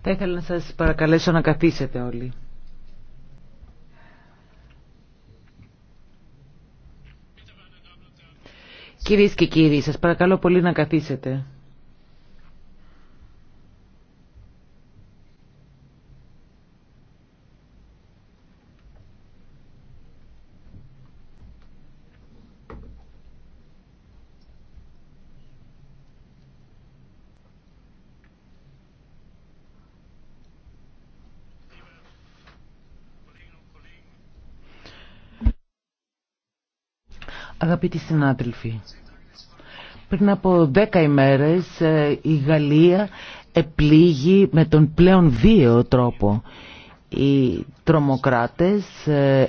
Θα ήθελα να σας παρακαλέσω να καθίσετε όλοι. Κυρίες και κύριοι, σας παρακαλώ πολύ να καθίσετε. Αγαπητοί συνάδελφοι, πριν από δέκα ημέρες ε, η Γαλλία επλήγει με τον πλέον δύο τρόπο. Οι τρομοκράτες ε,